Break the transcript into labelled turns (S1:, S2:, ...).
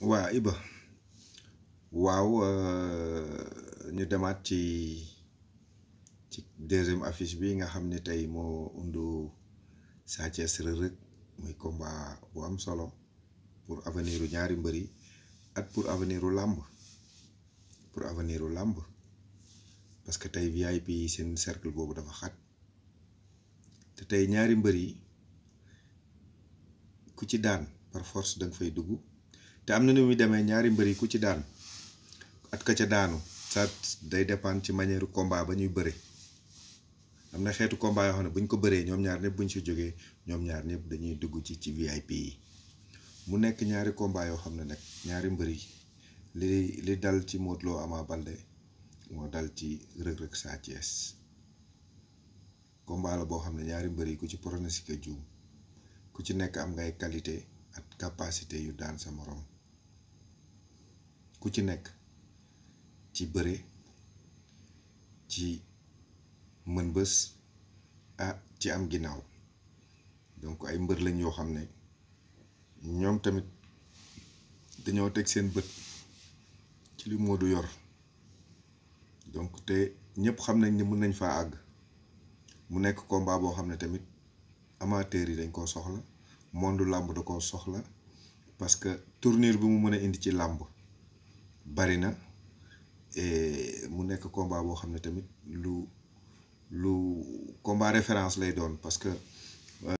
S1: waa Iba waaw euh, ñu demaat ci ci deuxième affiche bi nga xam ne tey moo undu Sa Thiès Reug Reug muy combat bu am solo pour aveniru ñaari mbër yi ak pour aveniru làmb pour aveniru làmb parce que tey VIP seen cercle boobu dafa xat te tey ñaari mbër yi ku ci daan par force danga fay dugg te am na nu muy demee ñaari mbër yi ku ci daan at ka ca daanu ça day dépendre ci manière combat ba ñuy bëre am na xeetu combat yoo xam ne buñ ko bëree ñoom ñaar ñëpp buñ si jógee ñoom ñaar ñëpp dañuy dugg ci ci VIP yi mu nekk ñaari combat yoo xam ne nag ñaari mbër yi li li dal ci Modou Lo Ama moo dal ci Reug Reug Sa Thiès combat la boo xam ne ñaari mbër yi ku ci pronostic juum ku ci nekk am ngay qualité capacité yu daan sa moroom ku ci nekk ci bëre ci mën bés ah ci am ginnaaw donc ay mbër lañ yoo xam ne ñoom tamit dañoo teg seen bët ci li du yor donc te ñëpp xam nañ ni mën nañ faa àgg mu nekk mbaa boo xam ne tamit amateur yi dañ koo soxla monde làmb da koo soxla parce que tournure bi mu mën a indi ci làmb bari na et mu nekk combat boo xam ne tamit lu lu combat référence lay doon parce que.